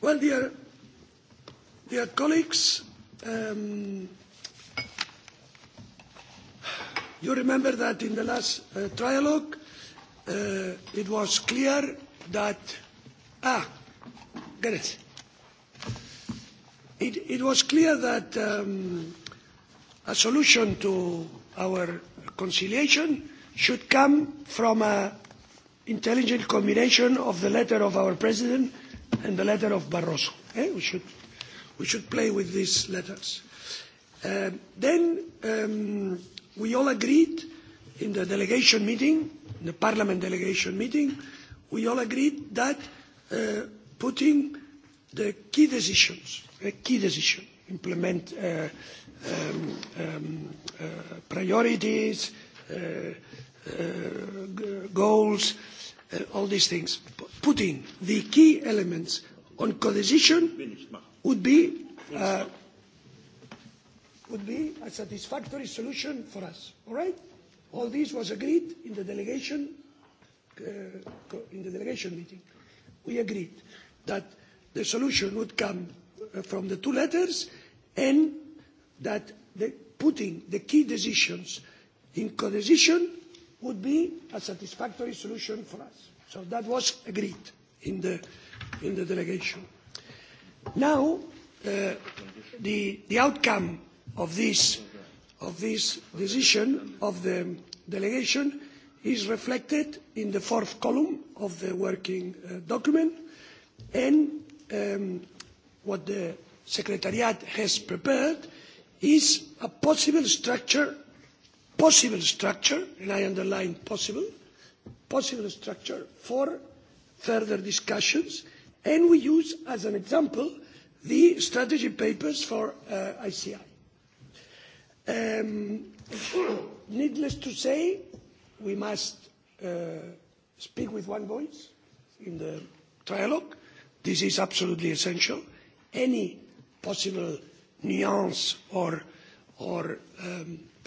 Well, dear, dear colleagues, you remember that in the last trilogue it was clear that ah, it. It, was clear that a solution to our conciliation should come from a intelligent combination of the letter of our president and the letter of Barroso. We should we should play with these letters. Then we all agreed in the delegation meeting, the Parliament delegation meeting, we all agreed that putting the key decisions, a key decision, implement priorities goals, all these things. Putting the key elements on codecision would be would be a satisfactory solution for us. All right? All this was agreed in the delegation in the delegation meeting. We agreed that the solution would come from the two letters and that putting the key decisions in co-decision would be a satisfactory solution for us. So that was agreed in the in the delegation. Now the the outcome of this of this decision of the delegation is reflected in the fourth column of the working document and what the Secretariat has prepared is a possible structure possible structure and I underline possible possible structure for further discussions and we use as an example the strategy papers for ICI. Needless to say, we must speak with one voice in the trialogue. This is absolutely essential. Any possible nuance or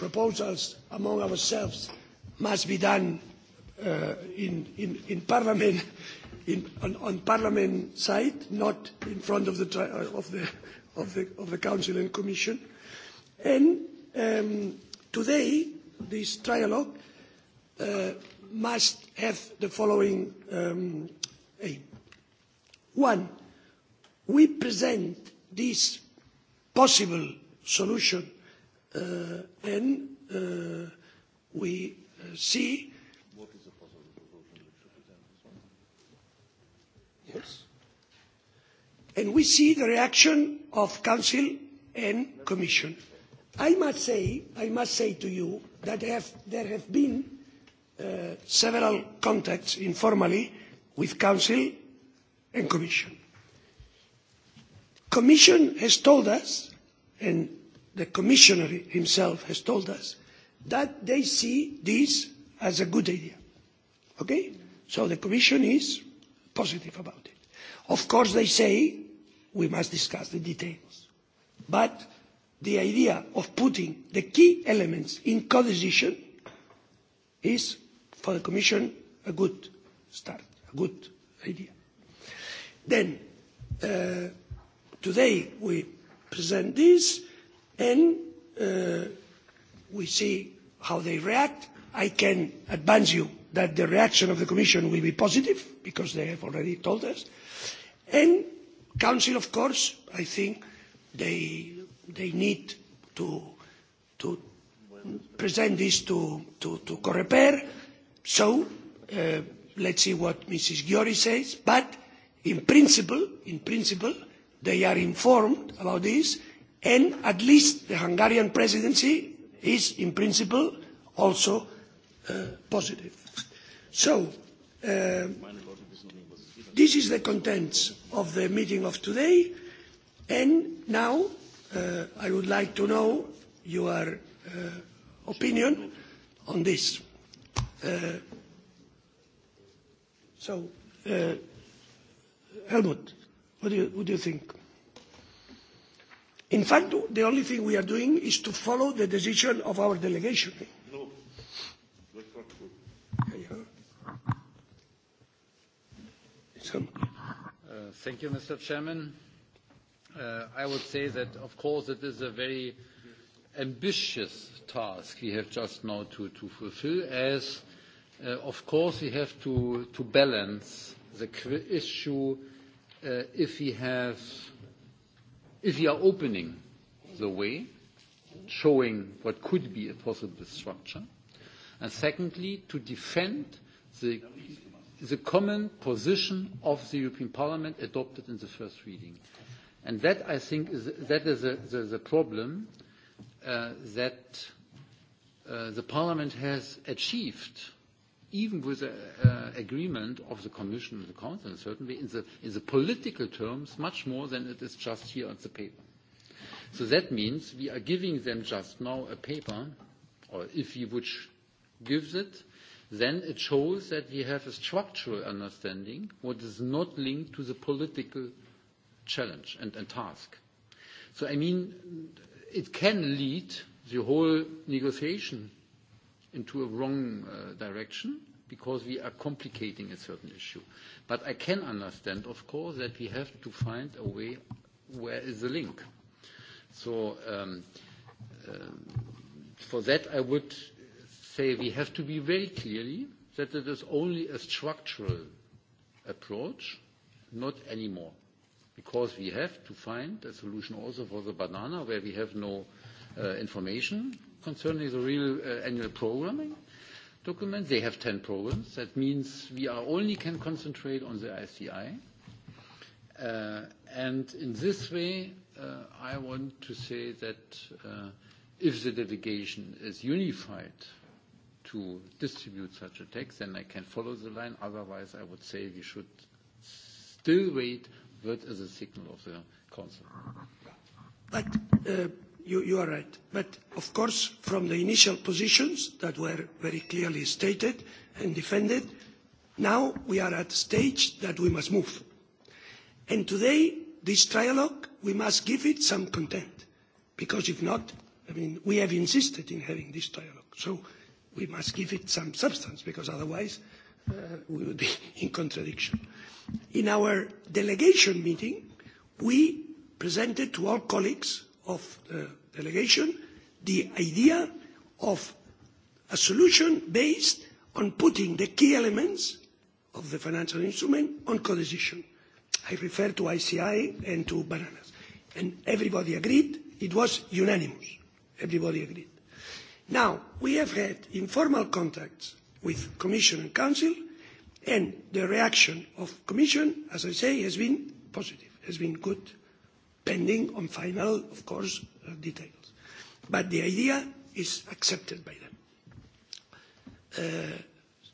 proposals among ourselves must be done in Parliament, on Parliament side, not in front of the Council and Commission. And today, this trialogue must have the following aim. One, we present this possible solution we see yes and we see the reaction of council and commission i must say i must say to you that there have been several contacts informally with council and commission commission has told us and the commissioner himself has told us that they see this as a good idea. Okay? So the commission is positive about it. Of course they say we must discuss the details. But the idea of putting the key elements in codecision is for the Commission a good start, a good idea. Then today we present this and we see how they react. I can advance you that the reaction of the Commission will be positive, because they have already told us. And Council, of course, I think they they need to to present this to to Correper, So let's see what Mrs. Giori says. But in principle, in principle, they are informed about this and at least the Hungarian presidency is in principle also positive. So this is the contents of the meeting of today and now I would like to know your opinion on this. So Helmut, what do you think? In fact, the only thing we are doing is to follow the decision of our delegation. Thank you, Mr. Chairman. I would say that, of course, it is a very ambitious task we have just now to fulfill, as, of course, we have to balance the issue if we have if you are opening the way, showing what could be a possible structure, and secondly, to defend the the common position of the European Parliament adopted in the first reading. And that, I think, is that is the problem that the Parliament has achieved even with the agreement of the Commission and the Council, certainly in the, in the political terms, much more than it is just here on the paper. So that means we are giving them just now a paper, or if we would give it, then it shows that we have a structural understanding what is not linked to the political challenge and, and task. So, I mean, it can lead the whole negotiation into a wrong direction because we are complicating a certain issue. But I can understand, of course, that we have to find a way where is the link. So for that, I would say we have to be very clearly that it is only a structural approach, not anymore, because we have to find a solution also for the banana where we have no information concerning the real annual programming document. They have 10 programs. That means we only can concentrate on the ICI. And in this way, I want to say that if the delegation is unified to distribute such a text, then I can follow the line. Otherwise, I would say we should still wait. what is a signal of the Council you are right but of course from the initial positions that were very clearly stated and defended now we are at a stage that we must move and today this trialogue we must give it some content because if not i mean we have insisted in having this dialogue so we must give it some substance because otherwise we would be in contradiction. in our delegation meeting we presented to all colleagues of the delegation the idea of a solution based on putting the key elements of the financial instrument on codecision. I refer to ICI and to bananas. And everybody agreed. It was unanimous. Everybody agreed. Now, we have had informal contacts with Commission and Council, and the reaction of Commission, as I say, has been positive, has been good Depending on final, of course, details. But the idea is accepted by them.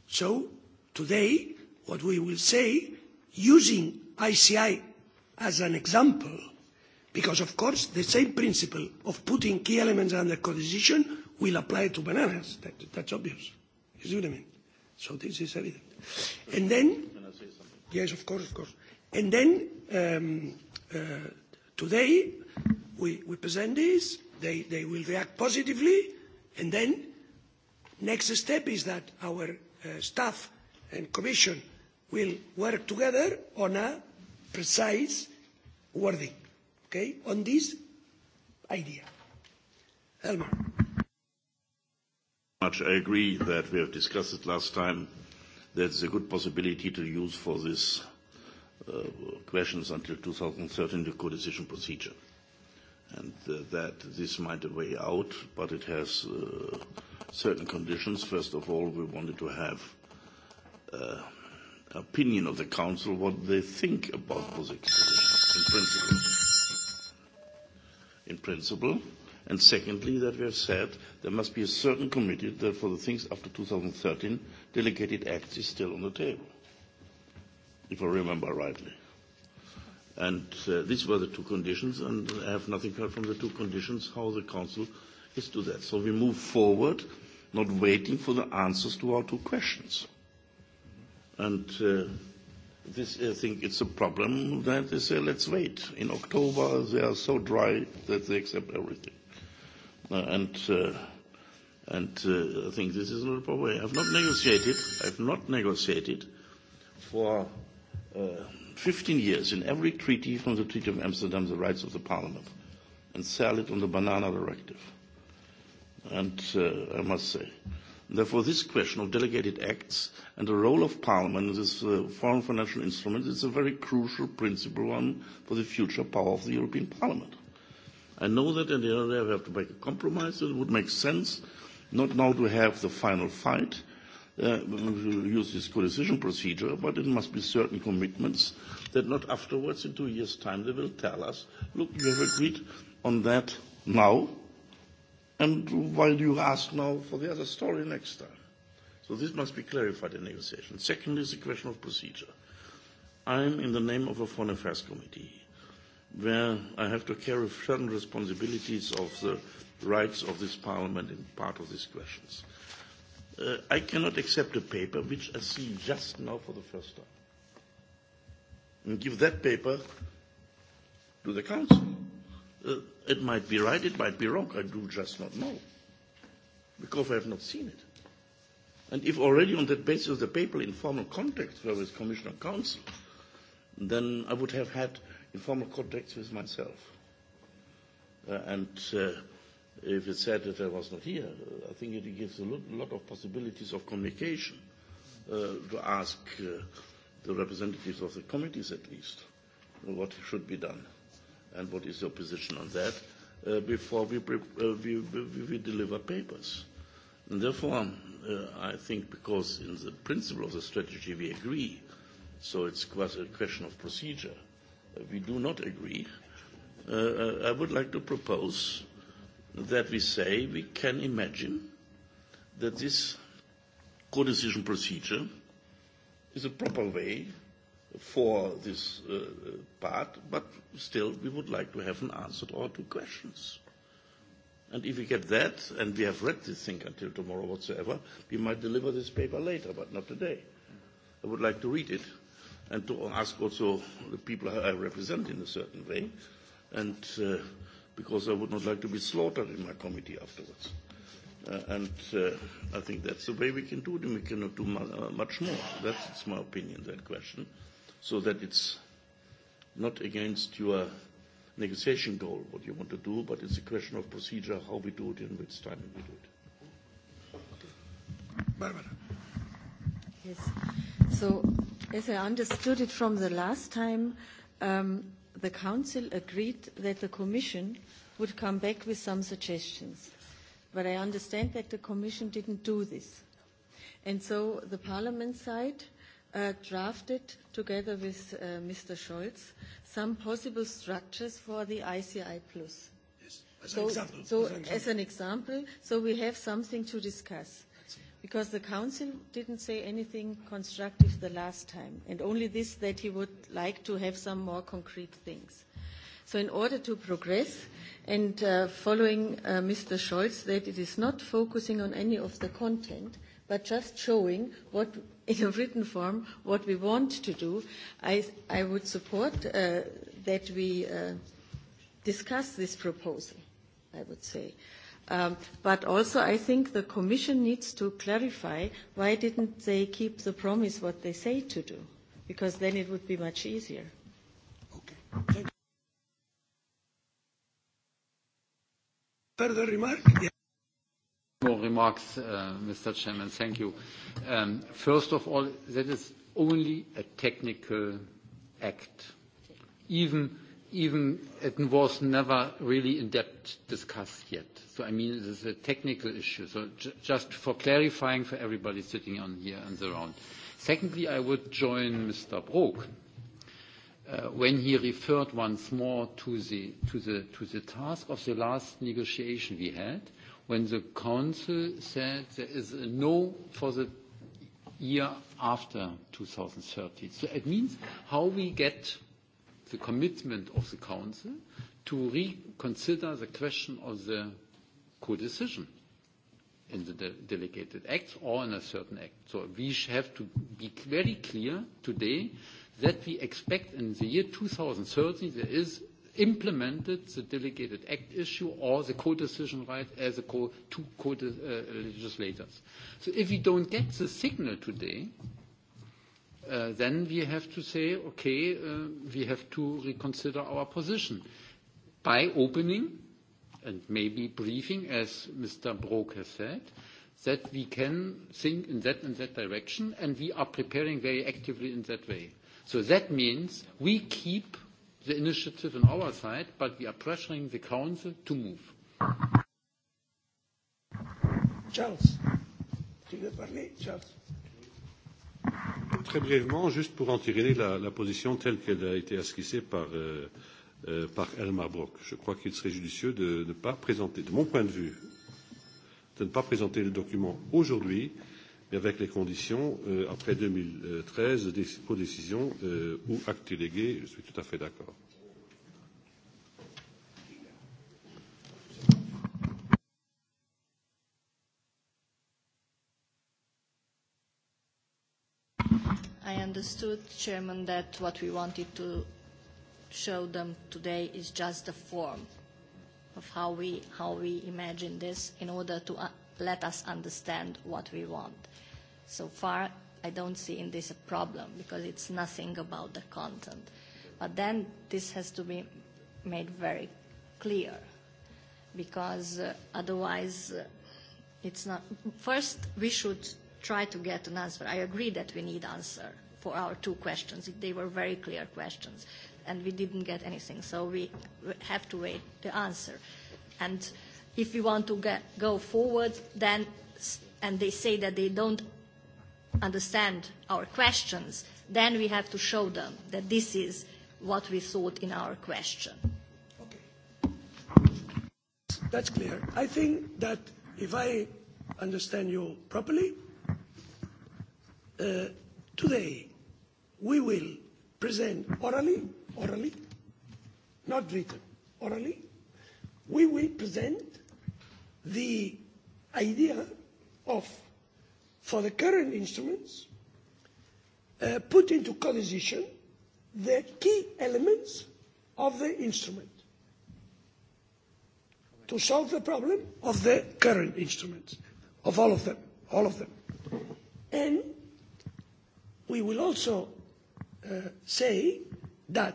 So today, what we will say, using ICI as an example, because of course the same principle of putting key elements under codecision will apply to bananas. That's obvious. You see what I mean? So this is evident. And then, yes, of course, of course. And then Today we present this, they will react positively and then the next step is that our staff and Commission will work together on a precise wording on this idea. Elmar. Much I agree that we have discussed it last time. There's a good possibility to use for this questions until 2013, the co-decision procedure. And that this might a way out, but it has certain conditions. First of all, we wanted to have opinion of the Council what they think about those in principle. In principle. And secondly, that we have said there must be a certain committee that for the things after 2013, delegated acts is still on the table if I remember rightly. And these were the two conditions, and I have nothing heard from the two conditions how the Council is to that. So we move forward, not waiting for the answers to our two questions. And this, I think, it's a problem that they say, let's wait. In October, they are so dry that they accept everything. And and I think this is not a problem. way. I have not negotiated. I have not negotiated for 15 years in every treaty from the Treaty of Amsterdam, the rights of the Parliament, and sell it on the banana directive. And I must say, therefore, this question of delegated acts and the role of Parliament in this foreign financial instrument is a very crucial principle one for the future power of the European Parliament. I know that and the other we have to make a compromise. It would make sense not now to have the final fight use this co-decision procedure, but it must be certain commitments that not afterwards, in two years' time, they will tell us, look, you have agreed on that now, and why do you ask now for the other story next time? So this must be clarified in negotiation. Secondly, is the question of procedure. I am in the name of a Foreign Affairs Committee, where I have to carry certain responsibilities of the rights of this Parliament in part of these questions. I cannot accept a paper which I see just now for the first time and give that paper to the Council. It might be right, it might be wrong. I do just not know because I have not seen it. And if already on that basis of the paper in formal contacts were with Commissioner Council, then I would have had informal contacts with myself. And if it said that I was not here. I think it gives a lot of possibilities of communication to ask the representatives of the committees at least what should be done and what is your position on that before we we deliver papers. And therefore, I think because in the principle of the strategy we agree, so it's quite a question of procedure, we do not agree, I would like to propose that we say we can imagine that this co-decision procedure is a proper way for this part, but still we would like to have an answer to our two questions. And if we get that, and we have read this thing until tomorrow whatsoever, we might deliver this paper later, but not today. I would like to read it and to ask also the people I represent in a certain way. And because I would not like to be slaughtered in my committee afterwards. And I think that's the way we can do it. and We cannot do much more. That's my opinion, that question. So that it's not against your negotiation goal, what you want to do, but it's a question of procedure, how we do it and which time we do it. Barbara. Yes. So as I understood it from the last time, the Council agreed that the Commission would come back with some suggestions. But I understand that the Commission didn't do this. And so the Parliament side drafted, together with Mr. Scholz, some possible structures for the ICI Plus. as an example. So, as an example, so we have something to discuss because the Council didn't say anything constructive the last time, and only this that he would like to have some more concrete things. So in order to progress, and following Mr. Scholz, that it is not focusing on any of the content, but just showing what, in a written form, what we want to do, I, I would support that we discuss this proposal, I would say. But also I think the Commission needs to clarify why didn't they keep the promise what they say to do, because then it would be much easier. More remarks, Mr. Chairman. Thank you. First of all, that is only a technical act. Even even it was never really in depth discussed yet. So I mean, this is a technical issue. So just for clarifying for everybody sitting on here and around. Secondly, I would join Mr. Brok when he referred once more to the to the to the task of the last negotiation we had, when the Council said there is a no for the year after 2030. So it means how we get the commitment of the Council to reconsider the question of the co-decision in the delegated acts or in a certain act. So we have to be very clear today that we expect in the year 2030 there is implemented the delegated act issue or the co-decision right as a co-legislators. So if we don't get the signal today then we have to say, okay, we have to reconsider our position by opening and maybe briefing, as Mr. Brok has said, that we can think in that and that direction, and we are preparing very actively in that way. So that means we keep the initiative on our side, but we are pressuring the Council to move. Charles, Charles Très brièvement, juste pour en tirer la, la position telle qu'elle a été esquissée par, par Elmar Brock, je crois qu'il serait judicieux de ne pas présenter, de mon point de vue, de ne pas présenter le document aujourd'hui, mais avec les conditions, après 2013, des décisions euh, ou actes délégués, je suis tout à fait d'accord. understood, Chairman, that what we wanted to show them today is just the form of how we how we imagine this in order to let us understand what we want. So far, I don't see in this a problem because it's nothing about the content. But then this has to be made very clear because otherwise it's not. First, we should try to get an answer. I agree that we need answer for our two questions. They were very clear questions, and we didn't get anything. So we have to wait the answer. And if we want to go forward, then, and they say that they don't understand our questions, then we have to show them that this is what we thought in our question. That's clear. I think that if I understand you properly, today we will present orally, orally, not written, orally, we will present the idea of, for the current instruments, put into codecision the key elements of the instrument to solve the problem of the current instruments, of all of them, all of them. And we will also say that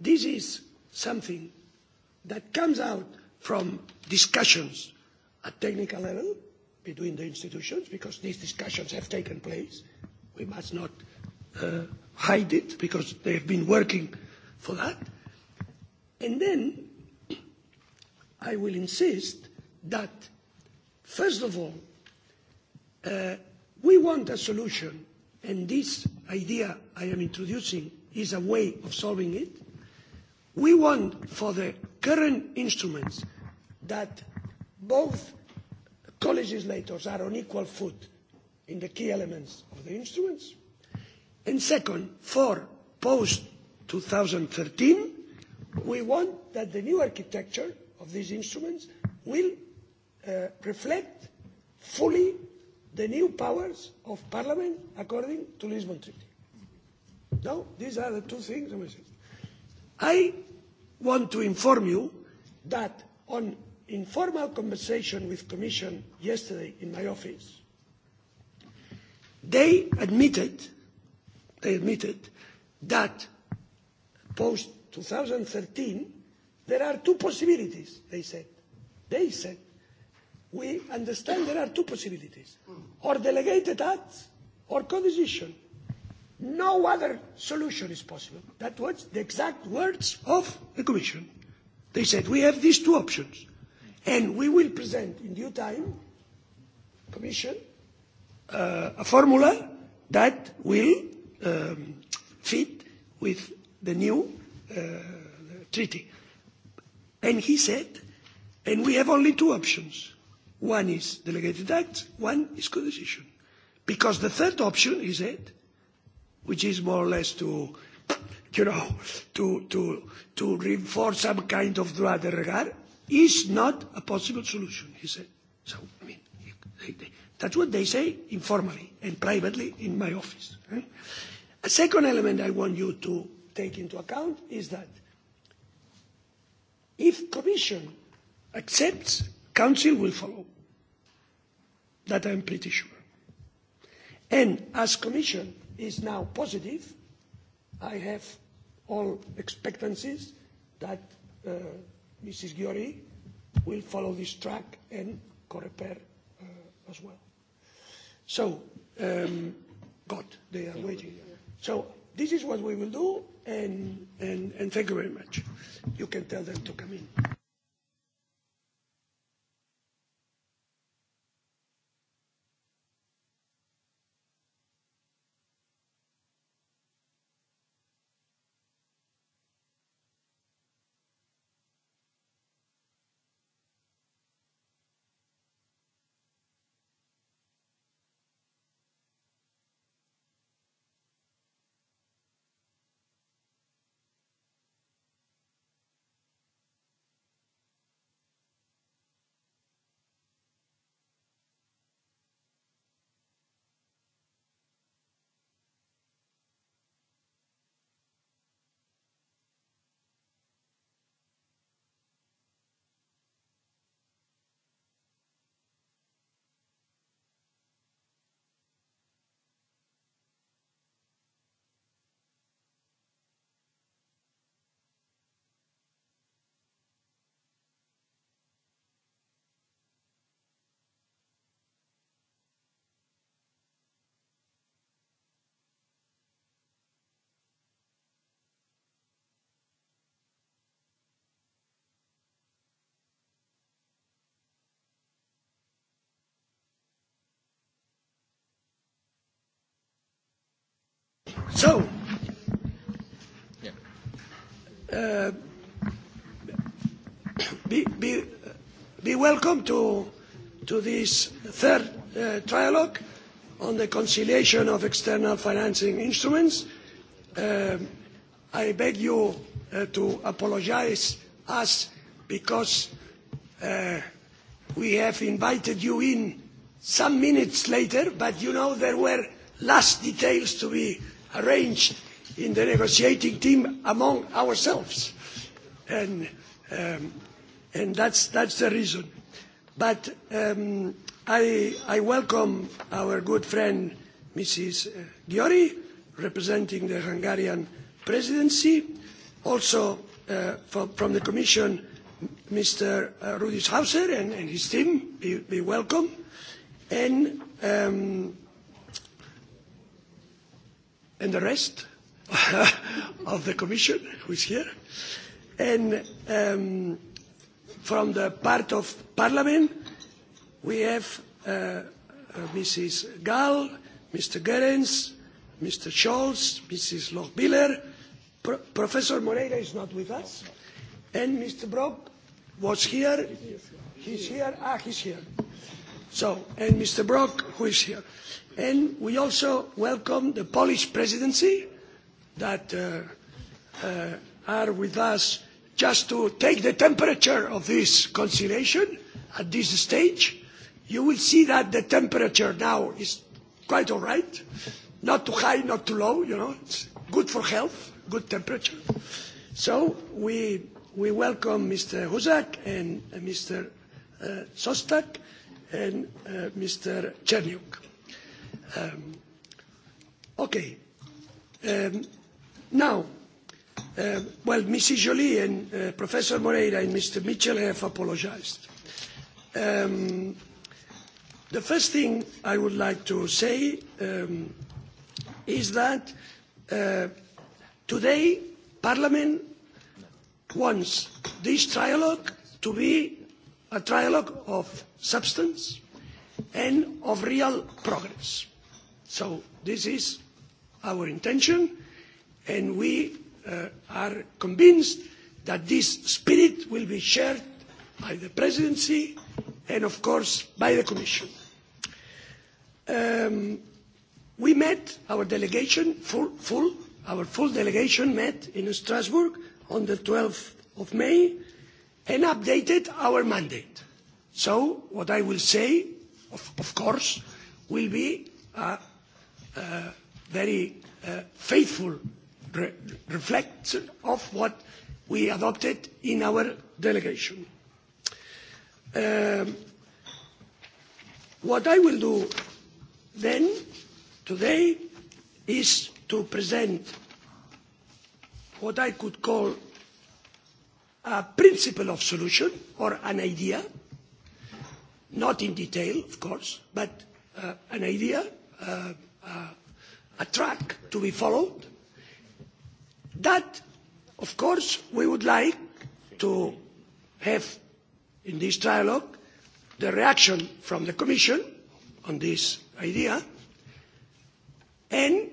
this is something that comes out from discussions at technical level between the institutions because these discussions have taken place we must not hide it because they have been working for that and then i will insist that first of all we want a solution and this idea I am introducing is a way of solving it. We want for the current instruments that both co-legislators are on equal foot in the key elements of the instruments. And second, for post-2013, we want that the new architecture of these instruments will reflect fully the new powers of Parliament according to the Lisbon Treaty. No, these are the two things. I want to inform you that on informal conversation with Commission yesterday in my office, they admitted, they admitted that post 2013 there are two possibilities. They said, they said we understand there are two possibilities or delegated acts or codecision. No other solution is possible. That was the exact words of the Commission. They said we have these two options and we will present in due time Commission a formula that will fit with the new treaty. And he said and we have only two options One is delegated act, one is co-decision. Because the third option is it, which is more or less to, you know, to, to, to reinforce some kind of droit de regard, is not a possible solution, he said. So, I mean, that's what they say informally and privately in my office. A second element I want you to take into account is that if Commission accepts Council will follow. That I am pretty sure. And as Commission is now positive, I have all expectancies that Mrs. Giori will follow this track and Coreper as well. So, God, they are waiting. So, this is what we will do, and thank you very much. You can tell them to come in. So, be welcome to this third trialogue on the conciliation of external financing instruments. I beg you to apologise us because we have invited you in some minutes later, but you know there were last details to be arranged in the negotiating team among ourselves. And that's the reason. But I welcome our good friend Mrs. Giori, representing the Hungarian presidency. Also from the Commission, Mr. Rudis Hauser and his team, be welcome. And and the rest of the Commission, who is here, and from the part of Parliament, we have Mrs. Gall, Mr. Goerens, Mr. Scholz, Mrs. Lochbiller. Professor Moreira is not with us, and Mr. Brok was here. He's here. Ah, he's here. So, and Mr. Brok, who is here. And we also welcome the Polish presidency that are with us just to take the temperature of this conciliation at this stage. You will see that the temperature now is quite all right. Not too high, not too low, you know. It's good for health, good temperature. So we welcome Mr. Huzak and Mr. Sostak and Mr. Cherniuk. Okay. Now, well, Mrs. Jolie and Professor Moreira and Mr. Mitchell have apologized. The first thing I would like to say is that today Parliament wants this trialogue to be a trialogue of substance and of real progress. So this is our intention and we are convinced that this spirit will be shared by the Presidency and of course by the Commission. We met our delegation full our full delegation met in Strasbourg on the 12th of May and updated our mandate. So what I will say, of course, will be a very faithful reflection of what we adopted in our delegation. What I will do then today is to present what I could call a principle of solution or an idea, not in detail, of course, but an idea, a track to be followed. That, of course, we would like to have in this dialogue the reaction from the Commission on this idea and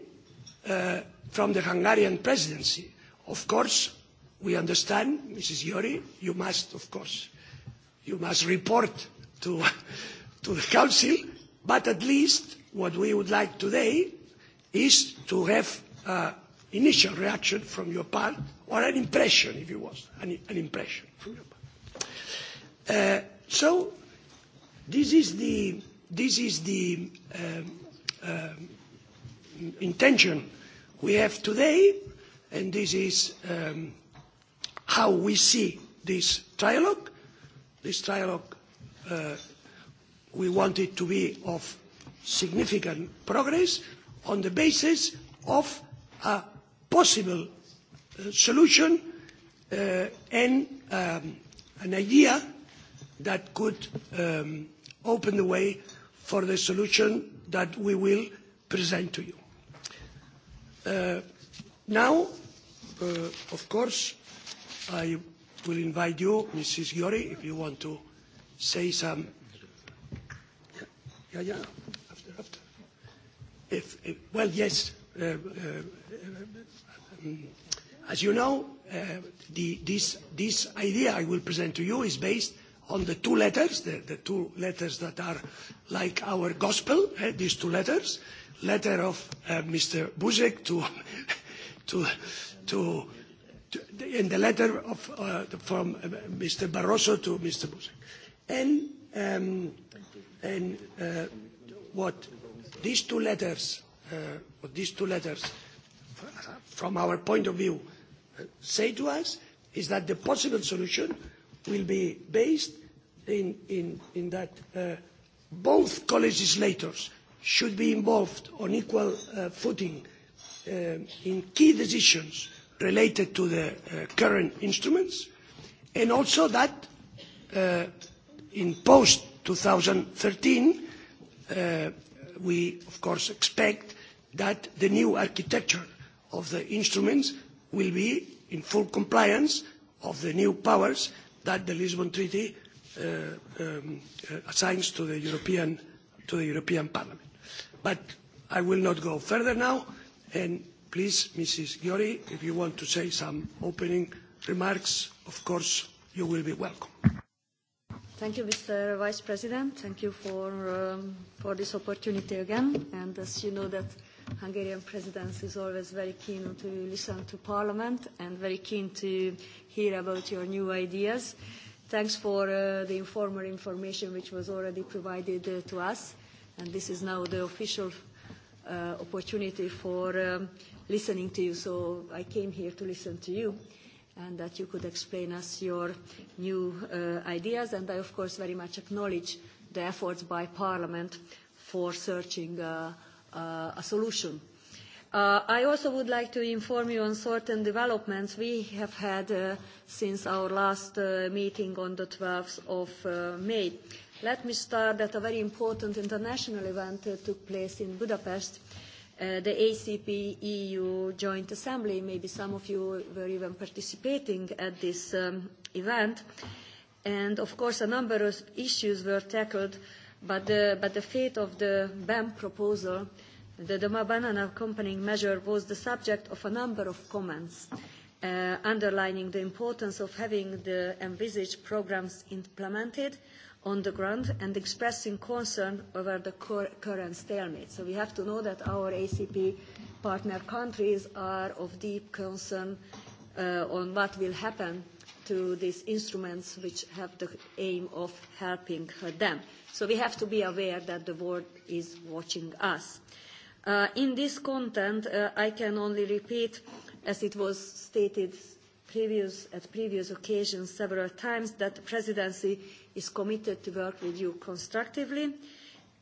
from the Hungarian presidency. Of course, We understand, Mrs. Yori, you must, of course, you must report to the Council, but at least what we would like today is to have an initial reaction from your part, or an impression, if you want, an impression from your part. So, this is the this is the intention we have today, and this is how we see this trilogue. This trialogue, we want it to be of significant progress on the basis of a possible solution and an idea that could open the way for the solution that we will present to you. Now, of course, I will invite you, Mrs. Giori, if you want to say some. well, yes. As you know, this this idea I will present to you is based on the two letters, the two letters that are like our gospel, these two letters, letter of Mr. Buzek to to to in the letter of from Mr. Barroso to Mr. Buzek. And and what these two letters, these two letters, from our point of view, say to us is that the possible solution will be based in in that both co-legislators should be involved on equal footing in key decisions related to the current instruments and also that in post 2013 we of course expect that the new architecture of the instruments will be in full compliance of the new powers that the Lisbon Treaty assigns to the European Parliament. But I will not go further now and Please, Mrs. Giori, if you want to say some opening remarks, of course, you will be welcome. Thank you, Mr. Vice President. Thank you for, for this opportunity again. And as you know that Hungarian presidency is always very keen to listen to Parliament and very keen to hear about your new ideas. Thanks for the informal information which was already provided to us. And this is now the official opportunity for listening to you, so I came here to listen to you and that you could explain us your new ideas. And I, of course, very much acknowledge the efforts by Parliament for searching a solution. I also would like to inform you on certain developments we have had since our last meeting on the 12th of May. Let me start that a very important international event took place in Budapest the ACP EU Joint Assembly. Maybe some of you were even participating at this event. And of course, a number of issues were tackled, but the fate of the BAM proposal, the Doma Banana accompanying measure, was the subject of a number of comments, underlining the importance of having the envisaged programs implemented on the ground and expressing concern over the current stalemate. So we have to know that our ACP partner countries are of deep concern on what will happen to these instruments which have the aim of helping them. So we have to be aware that the world is watching us. In this content, I can only repeat, as it was stated at previous occasions several times, that the presidency is committed to work with you constructively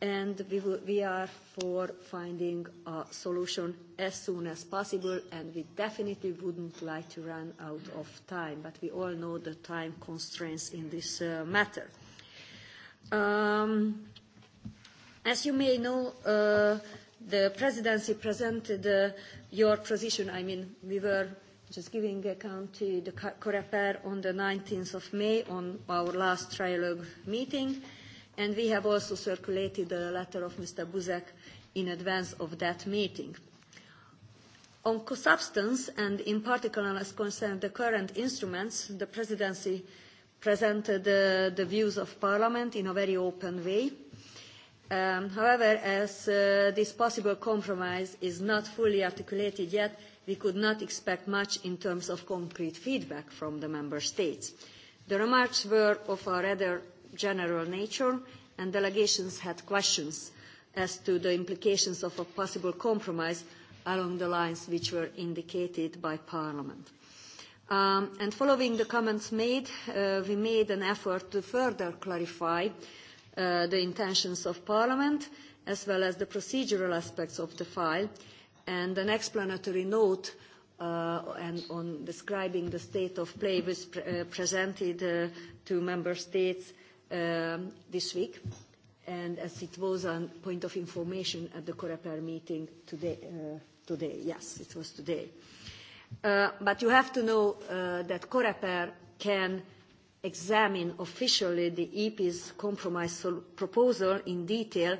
and we are for finding a solution as soon as possible and we definitely wouldn't like to run out of time but we all know the time constraints in this matter. As you may know, the presidency presented your position. I mean, we were just giving account to the Coreper on the 19th of May on our last trilogue meeting. And we have also circulated the letter of Mr. Buzek in advance of that meeting. On substance, and in particular as concerns the current instruments, the Presidency presented the views of Parliament in a very open way. However, as this possible compromise is not fully articulated yet, we could not expect much in terms of concrete feedback from the member states. The remarks were of a rather general nature, and delegations had questions as to the implications of a possible compromise along the lines which were indicated by Parliament. And following the comments made, we made an effort to further clarify the intentions of Parliament as well as the procedural aspects of the file and an explanatory note on describing the state of play was presented to member states this week and as it was a point of information at the Coreper meeting today, today, yes, it was today. But you have to know that Coreper can examine officially the EP's compromise proposal in detail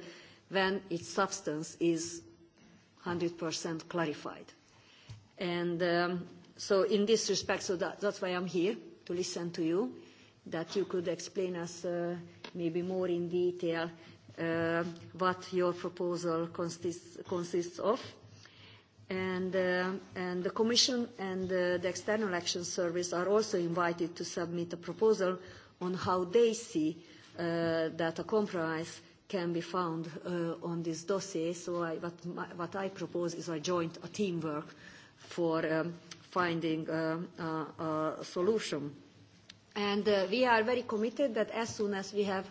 when its substance is 100% clarified. And so in this respect, so that's why I'm here, to listen to you, that you could explain us maybe more in detail what your proposal consists of. And the Commission and the External Action Service are also invited to submit a proposal on how they see that a compromise can be found on this dossier. So what I propose is a joint teamwork for finding a solution. And we are very committed that as soon as we have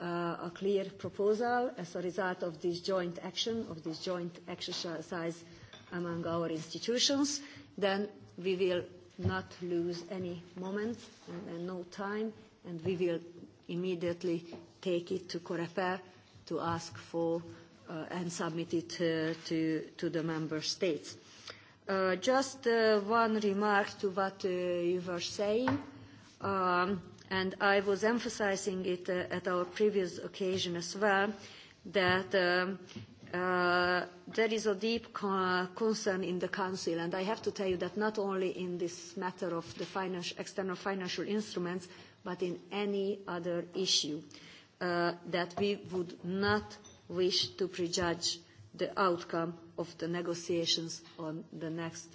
a clear proposal as a result of this joint action, of this joint exercise among our institutions, then we will not lose any moment and no time, and we will immediately take it to Coreper to ask for and submit it to to the member states. Just one remark to what you were saying, and I was emphasizing it at our previous occasion as well, that there is a deep concern in the Council, and I have to tell you that not only in this matter of the external financial instruments, but in any other issue that we would not wish to prejudge the outcome of the negotiations on the next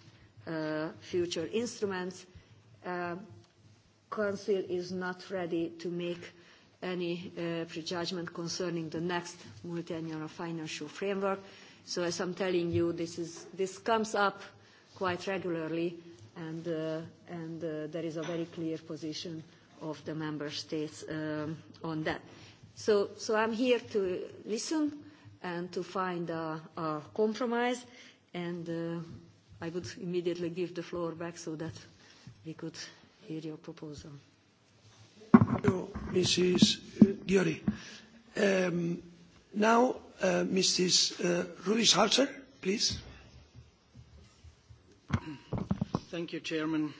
future instruments. Council is not ready to make any prejudgment concerning the next multi financial framework. So as I'm telling you, this comes up quite regularly, and there is a very clear position of the member states on that. So I'm here to listen and to find a compromise, and I would immediately give the floor back so that we could hear your proposal. Mrs. Giori. Now, Mrs. please. Thank you, Chairman.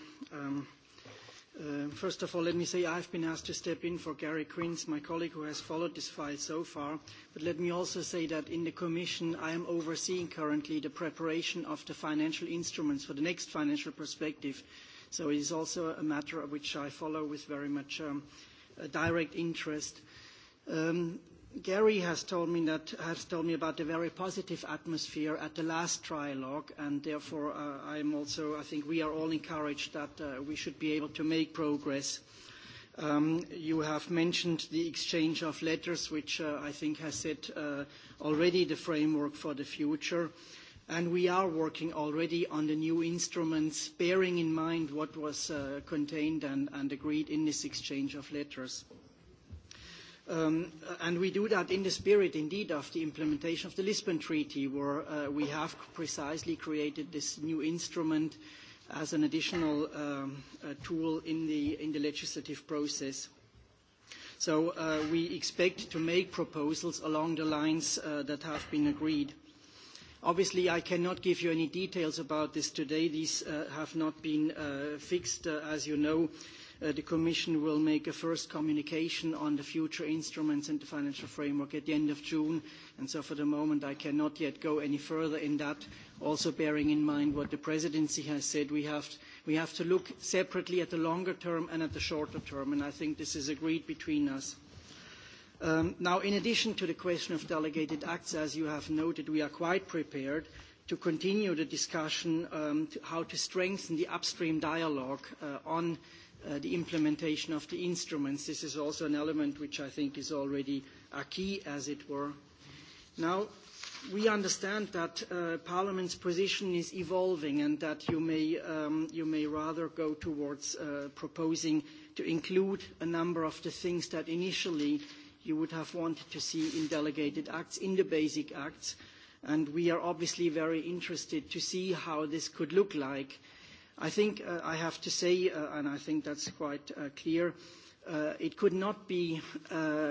First of all, let me say I have been asked to step in for Gary Quinns, my colleague who has followed this file so far. But let me also say that in the Commission, I am overseeing currently the preparation of the financial instruments for the next financial perspective. So it is also a matter which I follow with very much direct interest. Gary has told me that has told me about the very positive atmosphere at the last trilogue, and therefore I am also I think we are all encouraged that we should be able to make progress. You have mentioned the exchange of letters, which I think has set already the framework for the future, and we are working already on the new instruments, bearing in mind what was contained and agreed in this exchange of letters. And we do that in the spirit, indeed, of the implementation of the Lisbon Treaty, where we have precisely created this new instrument as an additional tool in the legislative process. So we expect to make proposals along the lines that have been agreed. Obviously, I cannot give you any details about this today. These have not been fixed, as you know the Commission will make a first communication on the future instruments and the financial framework at the end of June. And so for the moment, I cannot yet go any further in that. Also bearing in mind what the Presidency has said, we have to look separately at the longer term and at the shorter term. And I think this is agreed between us. Now, in addition to the question of delegated acts, as you have noted, we are quite prepared to continue the discussion how to strengthen the upstream dialogue on the implementation of the instruments. This is also an element which I think is already a key, as it were. Now, we understand that Parliament's position is evolving and that you may rather go towards proposing to include a number of the things that initially you would have wanted to see in delegated acts, in the basic acts, and we are obviously very interested to see how this could look like I think I have to say, and I think that's quite clear, it could not be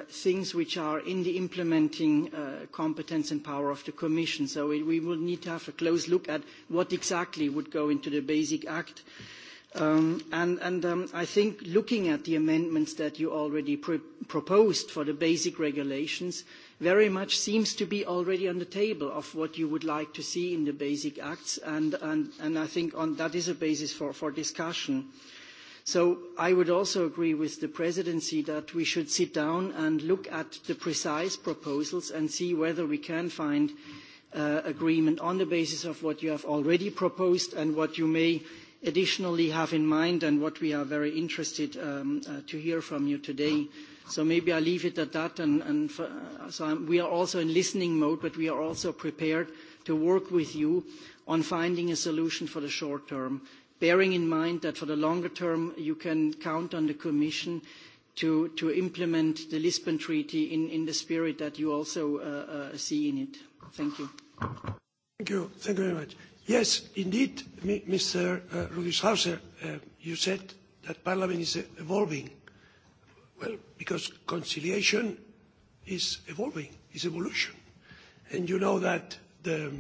things which are in the implementing competence and power of the Commission. So we will need to have a close look at what exactly would go into the Basic Act. And I think looking at the amendments that you already proposed for the basic regulations, very much seems to be already on the table of what you would like to see in the basic acts, and I think that is a basis for discussion. So I would also agree with the presidency that we should sit down and look at the precise proposals and see whether we can find agreement on the basis of what you have already proposed and what you may additionally have in mind and what we are very interested to hear from you today. So maybe I leave it at that. And so we are also in listening mode, but we are also prepared to work with you on finding a solution for the short term, bearing in mind that for the longer term, you can count on the Commission to implement the Lisbon Treaty in the spirit that you also see in it. Thank you. Thank you. Thank you very much. Yes, indeed, Mr. Rudishauser you said that Parliament is evolving Well, because conciliation is evolving, is evolution. And you know that the,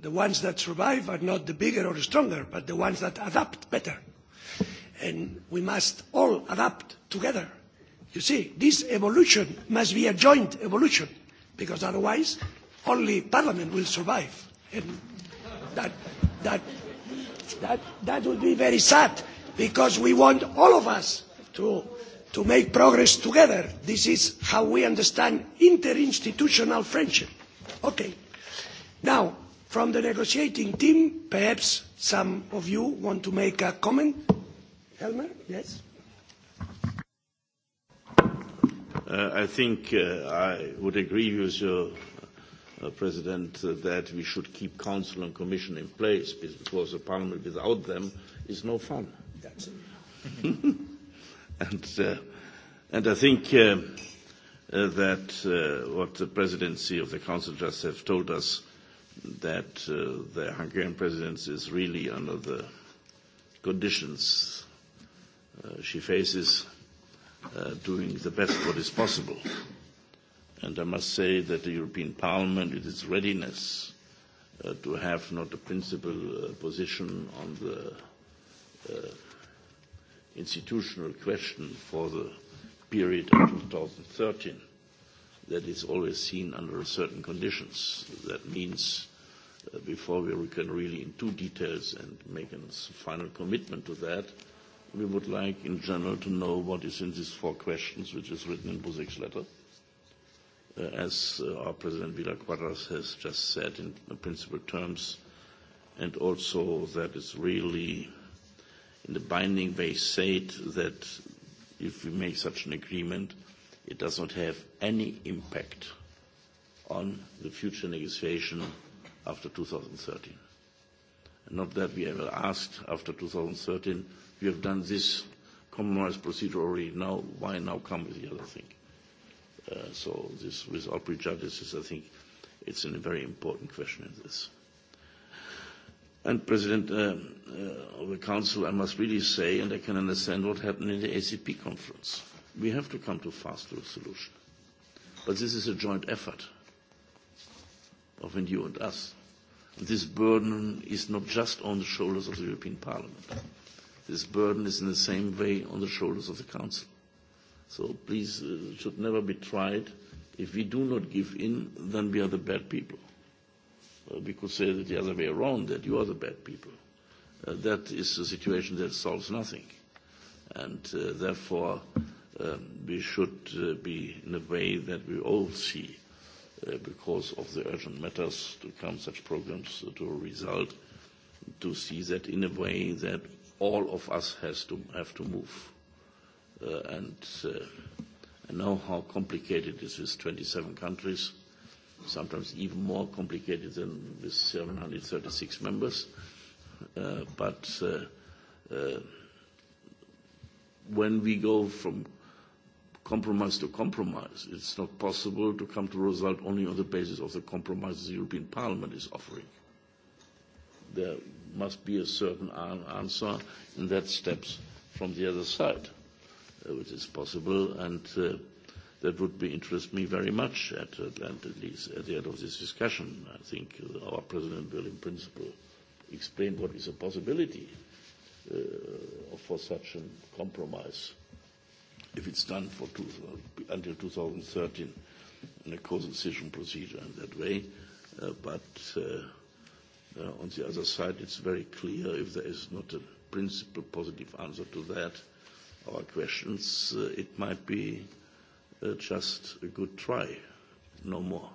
the, ones that survive are not the bigger or the stronger, but the ones that adapt better. And we must all adapt together. You see, this evolution must be a joint evolution, because otherwise only Parliament will survive. And that, that, that, that would be very sad, because we want all of us to to make progress together. This is how we understand interinstitutional friendship. Okay. Now, from the negotiating team, perhaps some of you want to make a comment. Helmer, yes. I think I would agree with you, President, that we should keep Council and Commission in place because the Parliament without them is no fun. And and I think that what the presidency of the Council just have told us, that the Hungarian presidency is really under the conditions she faces, doing the best what is possible. And I must say that the European Parliament, with its readiness to have not a principal position on the institutional question for the period of 2013 that is always seen under certain conditions. That means before we can really into details and make a final commitment to that, we would like in general to know what is in these four questions which is written in Buzik's letter. As our President Vila Quadras has just said in principal terms, and also that is really the binding way, said that if we make such an agreement, it does not have any impact on the future negotiation after 2013. Not that we ever asked after 2013, we have done this compromise procedure already now, why now come with the other thing? So this, without prejudices, I think it's a very important question in this. And President of the Council, I must really say, and I can understand what happened in the ACP conference. We have to come to a faster solution. But this is a joint effort of you and us. This burden is not just on the shoulders of the European Parliament. This burden is in the same way on the shoulders of the Council. So please, it should never be tried. If we do not give in, then we are the bad people we could say that the other way around, that you are the bad people. That is a situation that solves nothing. And therefore, we should be in a way that we all see, because of the urgent matters to come such programs to a result, to see that in a way that all of us has to have to move. And I know how complicated it is with 27 countries sometimes even more complicated than with 736 members. But when we go from compromise to compromise, it's not possible to come to a result only on the basis of the compromises the European Parliament is offering. There must be a certain answer in that steps from the other side, which is possible. And That would interest me very much, at least at the end of this discussion. I think our President will, in principle, explain what is a possibility for such a compromise if it's done for until 2013 in a co-decision procedure in that way. But on the other side, it's very clear if there is not a principle positive answer to that, our questions, it might be just a good try, no more.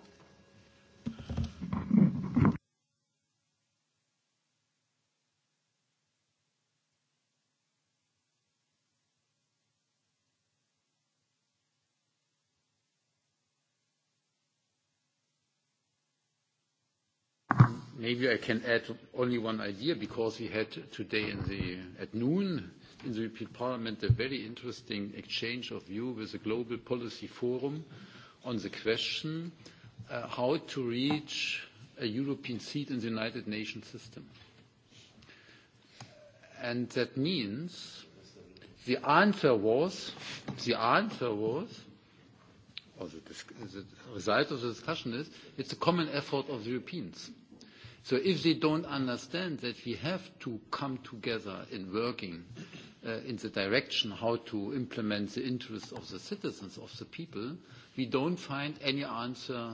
Maybe I can add only one idea because we had today in the at noon in the European Parliament a very interesting exchange of view with the Global Policy Forum on the question how to reach a European seat in the United Nations system. And that means the answer was, the answer was, or the result of the discussion is, it's a common effort of the Europeans. So if they don't understand that we have to come together in working in the direction how to implement the interests of the citizens, of the people, we don't find any answer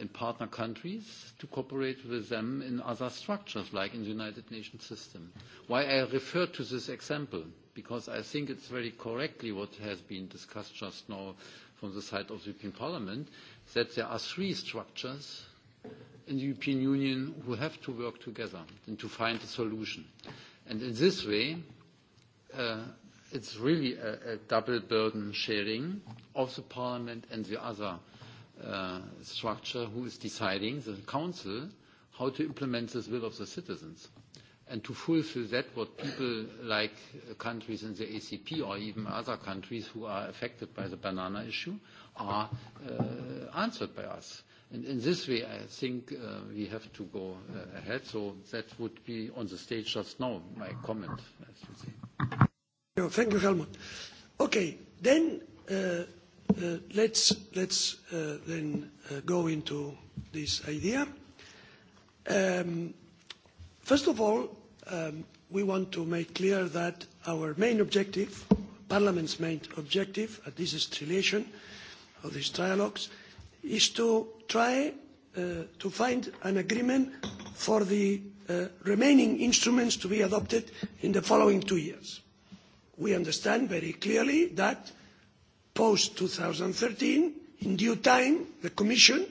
in partner countries to cooperate with them in other structures like in the United Nations system. Why I refer to this example, because I think it's very correctly what has been discussed just now from the side of the European Parliament, that there are three structures in the European Union who have to work together and to find a solution. And in this way, it's really a double burden sharing of the Parliament and the other structure who is deciding, the Council, how to implement this will of the citizens. And to fulfill that, what people like countries in the ACP or even other countries who are affected by the banana issue are answered by us. And in this way, I think we have to go ahead. So that would be on the stage just now, my comment, as you see. Thank you, Helmut. Okay, then let's then go into this idea. First of all, we want to make clear that our main objective, Parliament's main objective at this installation of these trilogues is to try to find an agreement for the remaining instruments to be adopted in the following two years. We understand very clearly that post 2013, in due time, the Commission,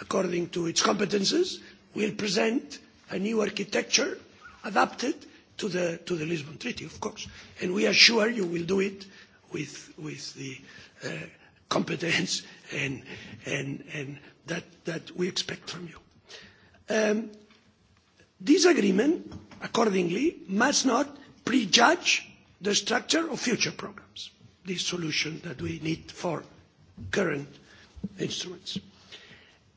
according to its competences, will present a new architecture adapted to the Lisbon Treaty, of course, and we are sure you will do it with the competence and that we expect from you. This agreement, accordingly, must not prejudge the structure of future programmes, the solution that we need for current instruments.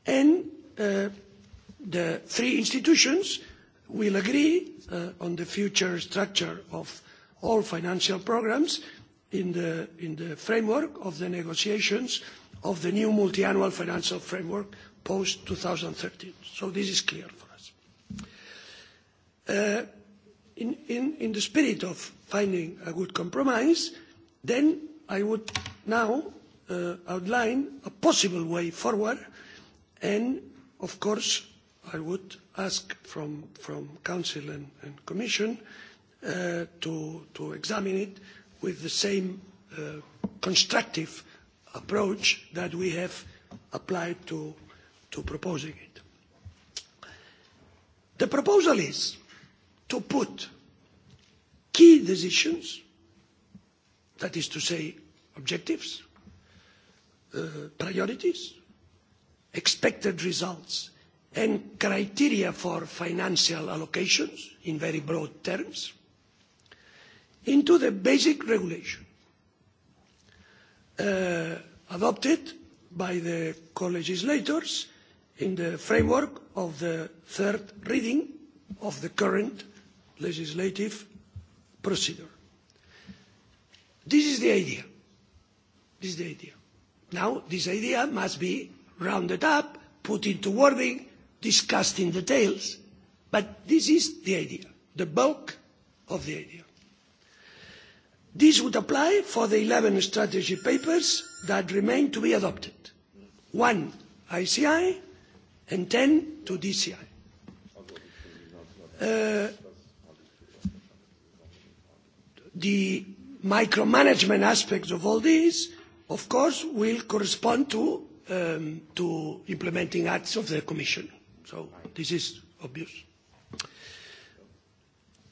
And the three institutions will agree on the future structure of all financial programmes in the framework of the negotiations of the new multiannual financial framework post 2013. So this is clear in the spirit of finding a good compromise, then I would now outline a possible way forward and, of course, I would ask from Council and Commission to examine it with the same constructive approach that we have applied to proposing it. The proposal is to put key decisions, that is to say objectives, priorities, expected results and criteria for financial allocations in very broad terms, into the basic regulation adopted by the co-legislators in the framework of the third reading of the current legislative procedure. This is the idea. This is the idea. Now, this idea must be rounded up, put into wording, discussed in details, but this is the idea, the bulk of the idea. This would apply for the 11 strategy papers that remain to be adopted, one ICI and 10 to DCI the micromanagement aspects of all this of course will correspond to implementing acts of the commission so this is obvious.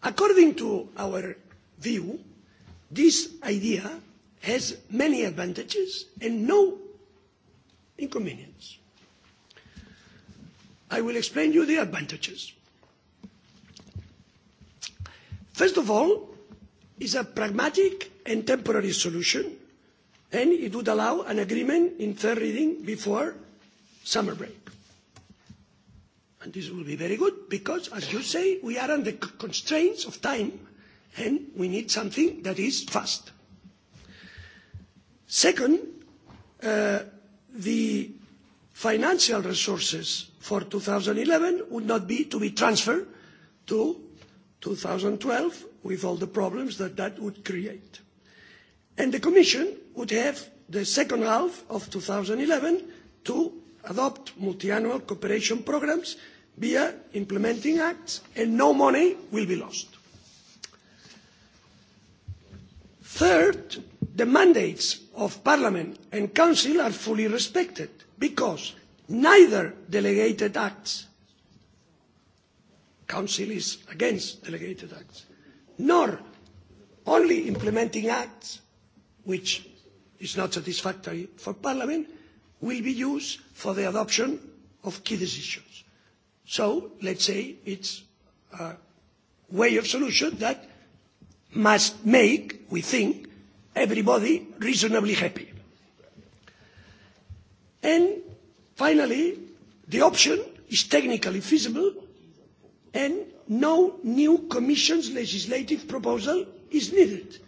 according to our view this idea has many advantages and no inconvenience. i will explain you the advantages. first of all is a pragmatic and temporary solution and it would allow an agreement in third reading before summer break. And this will be very good because, as you say, we are under constraints of time and we need something that is fast. Second, the financial resources for 2011 would not be to be transferred to 2012 with all the problems that that would create. And the Commission would have the second half of 2011 to adopt multiannual cooperation programmes via implementing acts and no money will be lost. Third, the mandates of Parliament and Council are fully respected because neither delegated acts, Council is against delegated acts, nor only implementing acts which is not satisfactory for Parliament will be used for the adoption of key decisions. So let's say it's a way of solution that must make, we think, everybody reasonably happy. And finally, the option is technically feasible and no new Commission's legislative proposal is needed,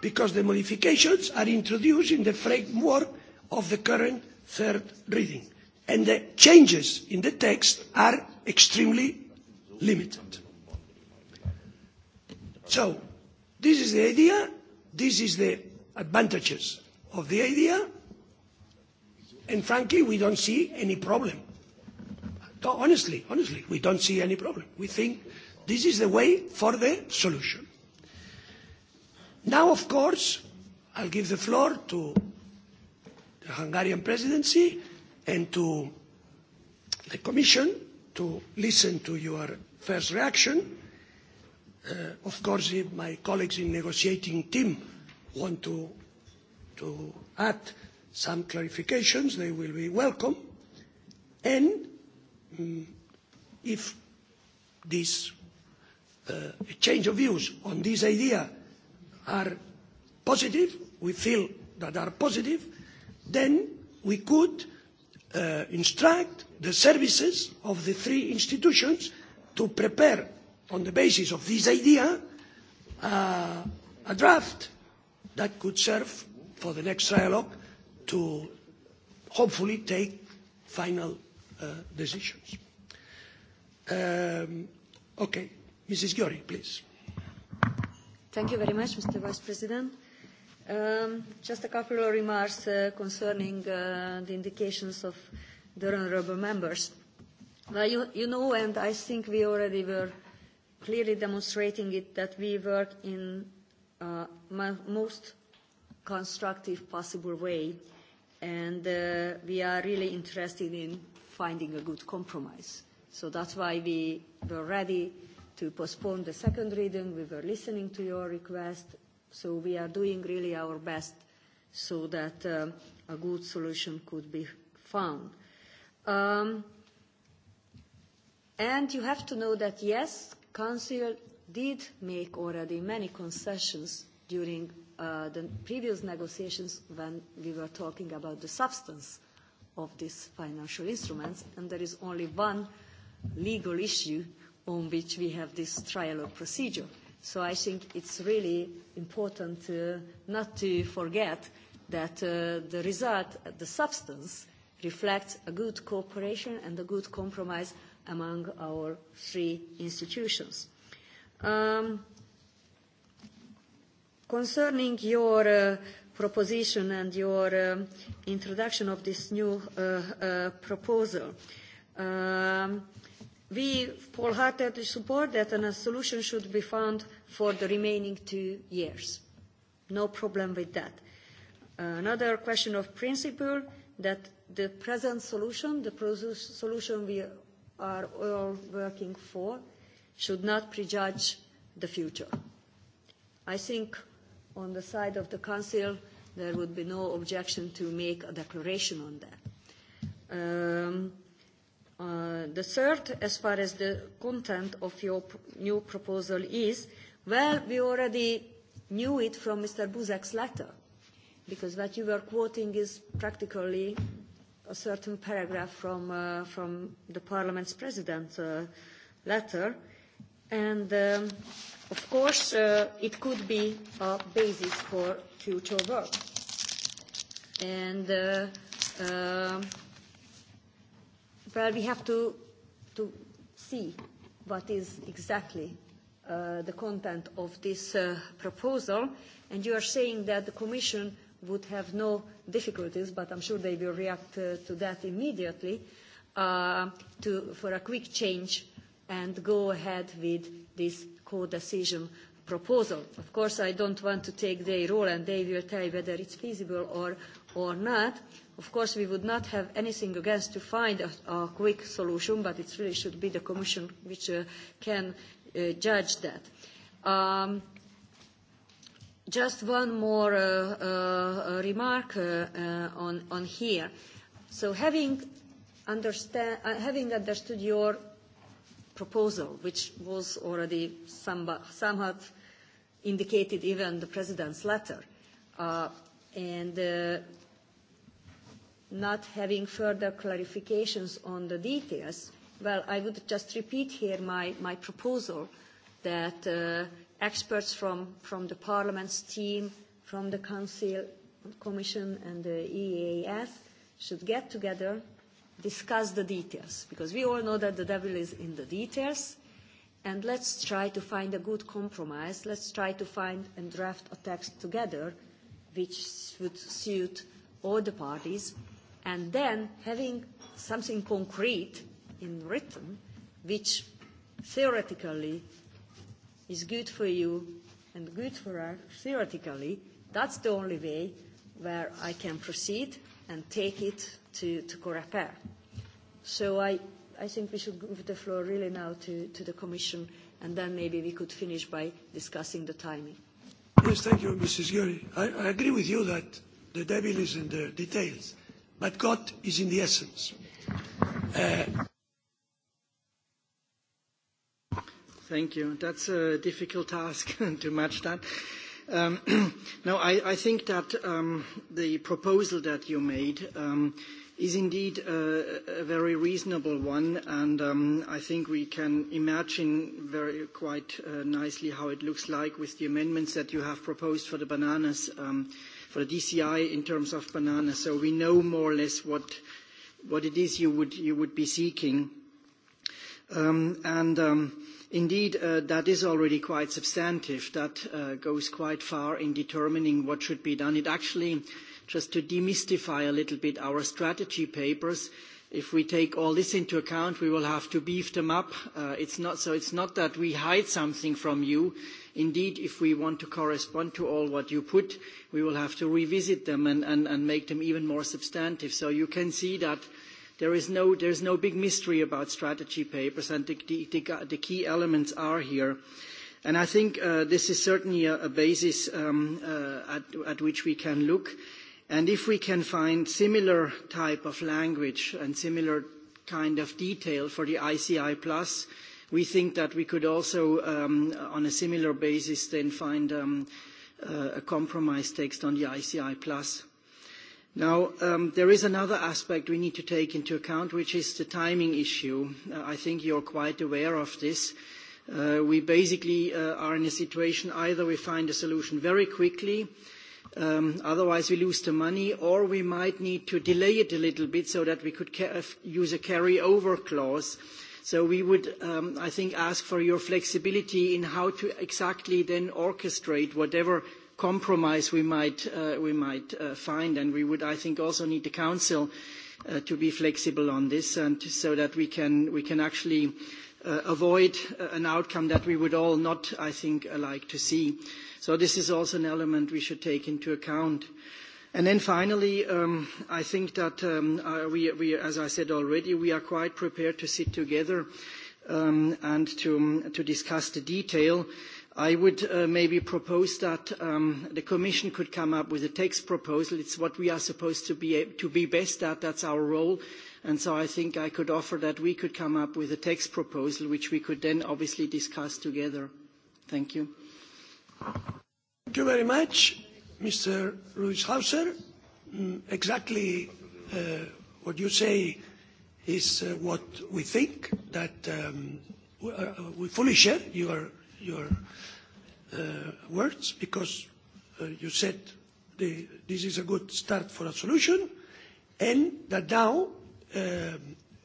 because the modifications are introduced in the framework of the current third reading, and the changes in the text are extremely limited. So, this is the idea, this is the advantages of the idea, and frankly we don't see any problem honestly, honestly, we don't see any problem. We think this is the way for the solution. Now, of course, I'll give the floor to the Hungarian presidency and to the Commission to listen to your first reaction. Of course, if my colleagues in the negotiating team want to add some clarifications, they will be welcome. And if this change of views on this idea are positive, we feel that are positive, then we could instruct the services of the three institutions to prepare on the basis of this idea a draft that could serve for the next trialogue to hopefully take final decisions. Okay, Mrs. please. Thank you very much, Mr. Vice President. Just a couple of remarks concerning the indications of the honourable members. Well, you know, and I think we already were clearly demonstrating it, that we work in most constructive possible way, and we are really interested in finding a good compromise. So that's why we were ready to postpone the second reading. We were listening to your request. So we are doing really our best so that a good solution could be found. And you have to know that, yes, Council did make already many concessions during the previous negotiations when we were talking about the substance of these financial instruments, and there is only one legal issue on which we have this trial procedure. So I think it's really important not to forget that the result, the substance, reflects a good cooperation and a good compromise among our three institutions. Concerning your proposition and your introduction of this new proposal. We wholeheartedly support that a solution should be found for the remaining two years. No problem with that. Another question of principle that the present solution, the solution we are all working for, should not prejudge the future. I think on the side of the Council, there would be no objection to make a declaration on that. The third, as far as the content of your new proposal is, well, we already knew it from Mr. Buzek's letter, because what you were quoting is practically a certain paragraph from from the Parliament's President's letter, and Of course, it could be a basis for future work. And well, we have to to see what is exactly the content of this proposal. And you are saying that the Commission would have no difficulties, but I'm sure they will react to that immediately, for a quick change and go ahead with this co-decision proposal. Of course, I don't want to take their role and they will tell whether it's feasible or or not. Of course, we would not have anything against to find a quick solution, but it really should be the Commission which can judge that. Just one more remark on here. So having understood your proposal, which was already somewhat indicated even the President's letter. And not having further clarifications on the details, well, I would just repeat here my my proposal that experts from the Parliament's team, from the Council, Commission and the EAS should get together discuss the details, because we all know that the devil is in the details, and let's try to find a good compromise. Let's try to find and draft a text together which would suit all the parties, and then having something concrete in written, which theoretically is good for you and good for us theoretically, that's the only way where I can proceed and take it to, to repair. So I, I think we should give the floor really now to, to the Commission and then maybe we could finish by discussing the timing. Yes, thank you, Mrs. Gyuri. I, I agree with you that the devil is in the details, but God is in the essence. Uh, Thank you. That's a difficult task to match that. Now, I think that the proposal that you made is indeed a very reasonable one, and I think we can imagine very quite nicely how it looks like with the amendments that you have proposed for the bananas, for the DCI in terms of bananas. So we know more or less what what it is you would you would be seeking, and Indeed, that is already quite substantive. That goes quite far in determining what should be done. It actually, just to demystify a little bit our strategy papers, if we take all this into account, we will have to beef them up. It's not so. It's not that we hide something from you. Indeed, if we want to correspond to all what you put, we will have to revisit them and make them even more substantive. So you can see that There is no big mystery about strategy papers, and the key elements are here. And I think this is certainly a basis at which we can look. And if we can find similar type of language and similar kind of detail for the ICI Plus, we think that we could also, on a similar basis, then find a compromise text on the ICI Plus. Now, there is another aspect we need to take into account, which is the timing issue. I think you are quite aware of this. We basically are in a situation either we find a solution very quickly, otherwise we lose the money, or we might need to delay it a little bit so that we could use a carry-over clause. So we would, I think, ask for your flexibility in how to exactly then orchestrate whatever compromise we might find. And we would, I think, also need the Council to be flexible on this so that we can actually avoid an outcome that we would all not, I think, like to see. So this is also an element we should take into account. And then finally, I think that we, as I said already, we are quite prepared to sit together and to discuss the detail. I would maybe propose that the Commission could come up with a text proposal. It's what we are supposed to be best at. That's our role. And so I think I could offer that we could come up with a text proposal, which we could then obviously discuss together. Thank you. Thank you very much, Mr. Ruizhauser. Exactly what you say is what we think, that we fully share your your words because you said this is a good start for a solution and that now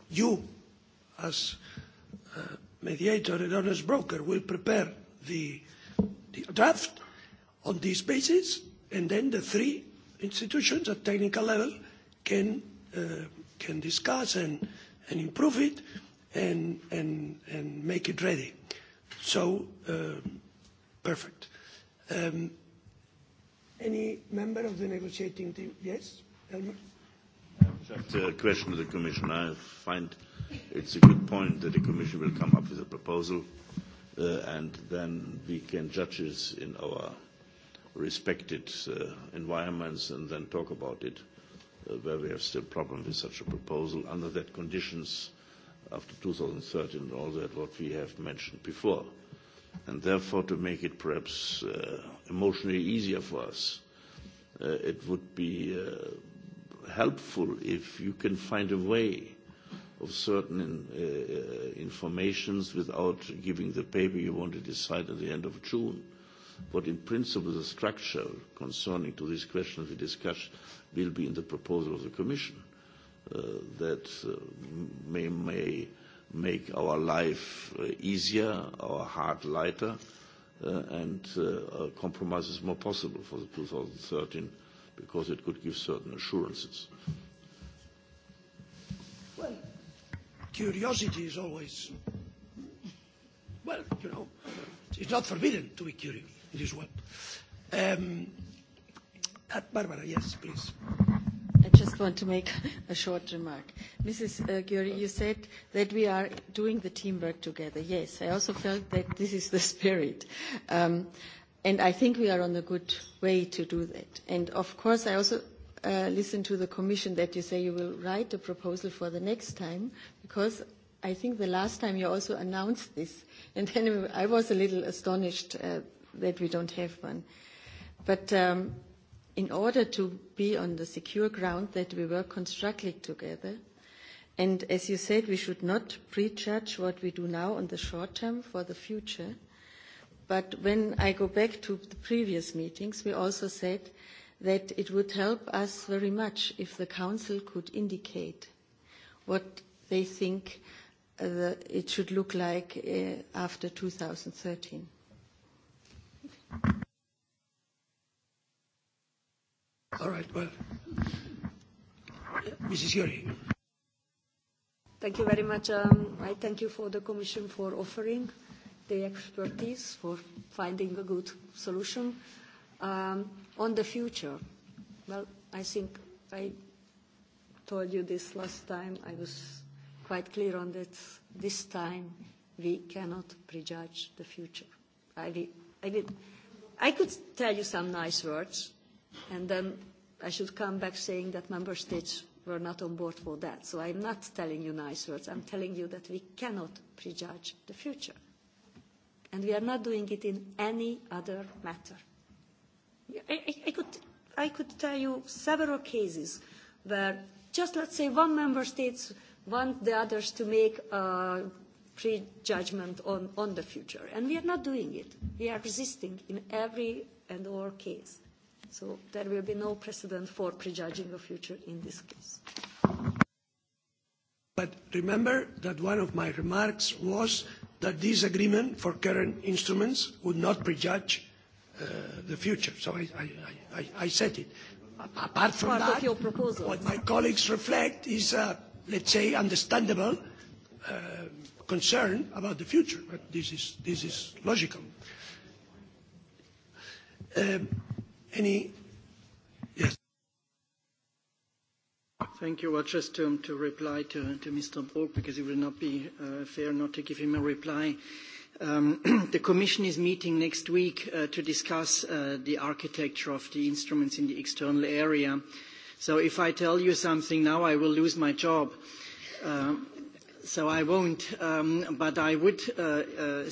you as mediator and honest broker will prepare the draft on this basis and then the three institutions at technical level can can discuss and improve it and make it ready. So, perfect. Any member of the negotiating team? Yes, Elmar? Just a question to the Commission. I find it's a good point that the Commission will come up with a proposal, and then we can judge it in our respected environments and then talk about it, where we have still problems with such a proposal. Under that conditions, after 2013 and all that what we have mentioned before. And therefore, to make it perhaps emotionally easier for us, it would be helpful if you can find a way of certain informations without giving the paper you want to decide at the end of June. But in principle, the structure concerning to these questions we discussed will be in the proposal of the Commission that may may make our life easier, our heart lighter, and compromises more possible for the 2013 because it could give certain assurances. Well, curiosity is always, well, you know, it's not forbidden to be curious. It is well. Barbara, yes, please. I just want to make a short remark. Mrs. Gyuri, you said that we are doing the teamwork together. Yes, I also felt that this is the spirit. And I think we are on a good way to do that. And of course, I also listened to the Commission that you say you will write a proposal for the next time, because I think the last time you also announced this. And then I was a little astonished that we don't have one. But in order to be on the secure ground that we work constructing together. And as you said, we should not prejudge what we do now on the short term for the future. But when I go back to the previous meetings, we also said that it would help us very much if the Council could indicate what they think it should look like after 2013. All right, well. Mrs. Yuri. Thank you very much. I thank you for the Commission for offering the expertise for finding a good solution. Um, on the future, well, I think I told you this last time. I was quite clear on that. This time, we cannot prejudge the future. I, I, I could tell you some nice words, And then I should come back saying that member states were not on board for that. So I'm not telling you nice words. I'm telling you that we cannot prejudge the future. And we are not doing it in any other matter. I could tell you several cases where just let's say one member state wants the others to make a prejudgment on the future. And we are not doing it. We are resisting in every and all case. So there will be no precedent for prejudging the future in this case. But remember that one of my remarks was that this agreement for current instruments would not prejudge the future. So I said it. Apart from that, what my colleagues reflect is, a, let's say, understandable concern about the future. But this is logical. Any? Yes. Thank you. Well, just to reply to Mr. Brok, because it would not be fair not to give him a reply. The Commission is meeting next week to discuss the architecture of the instruments in the external area. So if I tell you something now, I will lose my job so I won't, but I would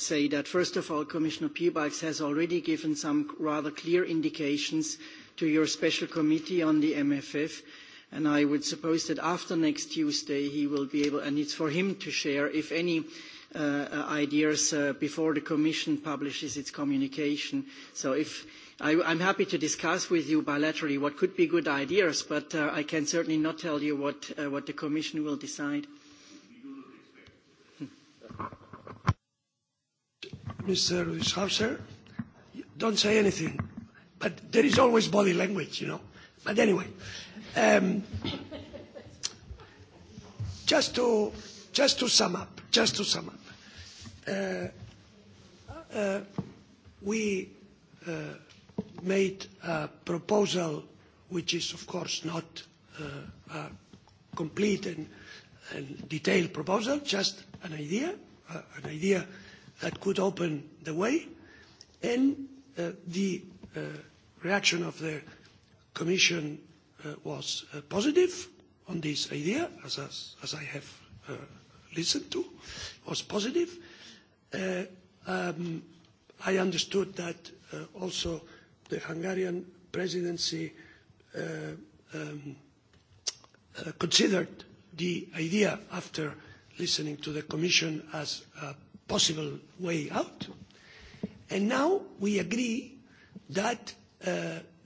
say that, first of all, Commissioner Piebalgs has already given some rather clear indications to your special committee on the MFF, and I would suppose that after next Tuesday he will be able, and it's for him to share, if any ideas before the Commission publishes its communication. So if I'm happy to discuss with you bilaterally what could be good ideas, but I can certainly not tell you what the Commission will decide. Mr. Schauser, don't say anything. But there is always body language, you know. But anyway, just to just to sum up, just to sum up, we made a proposal which is, of course, not complete and a detailed proposal, just an idea, an idea that could open the way, and the reaction of the Commission was positive on this idea, as I have listened to, was positive. I understood that also the Hungarian presidency considered the idea after listening to the Commission as a possible way out. And now we agree that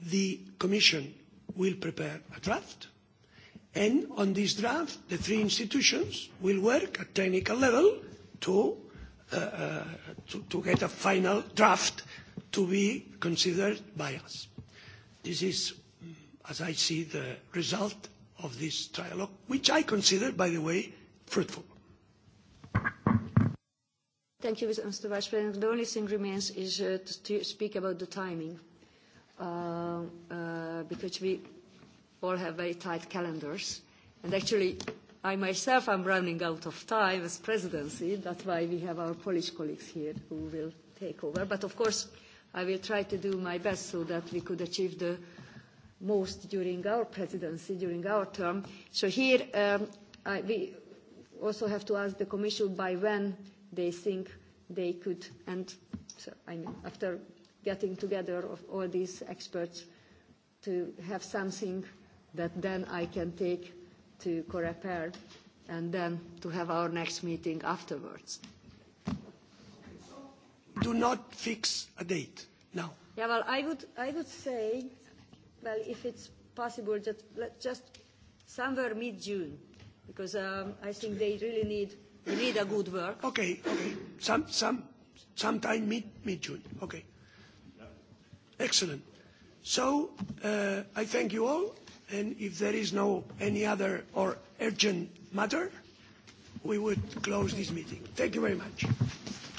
the Commission will prepare a draft and on this draft the three institutions will work at technical level to get a final draft to be considered by us. This is, as I see, the result of this dialogue, which I consider, by the way, fruitful. Thank you, Mr. Vice President. The only thing remains is to speak about the timing, because we all have very tight calendars. And actually, I myself am running out of time as presidency. That's why we have our Polish colleagues here who will take over. But of course, I will try to do my best so that we could achieve the most during our presidency, during our term. So here we also have to ask the Commission by when they think they could, and I after getting together of all these experts, to have something that then I can take to Coreper and then to have our next meeting afterwards. Do not fix a date now. Yeah, well, I would, I would say well, if it's possible, just, just somewhere mid-June, because um, I think they really need, need a good work. Okay, okay. Some, some, sometime mid, mid-June. Okay. Excellent. So uh, I thank you all, and if there is no any other or urgent matter, we would close this meeting. Thank you very much.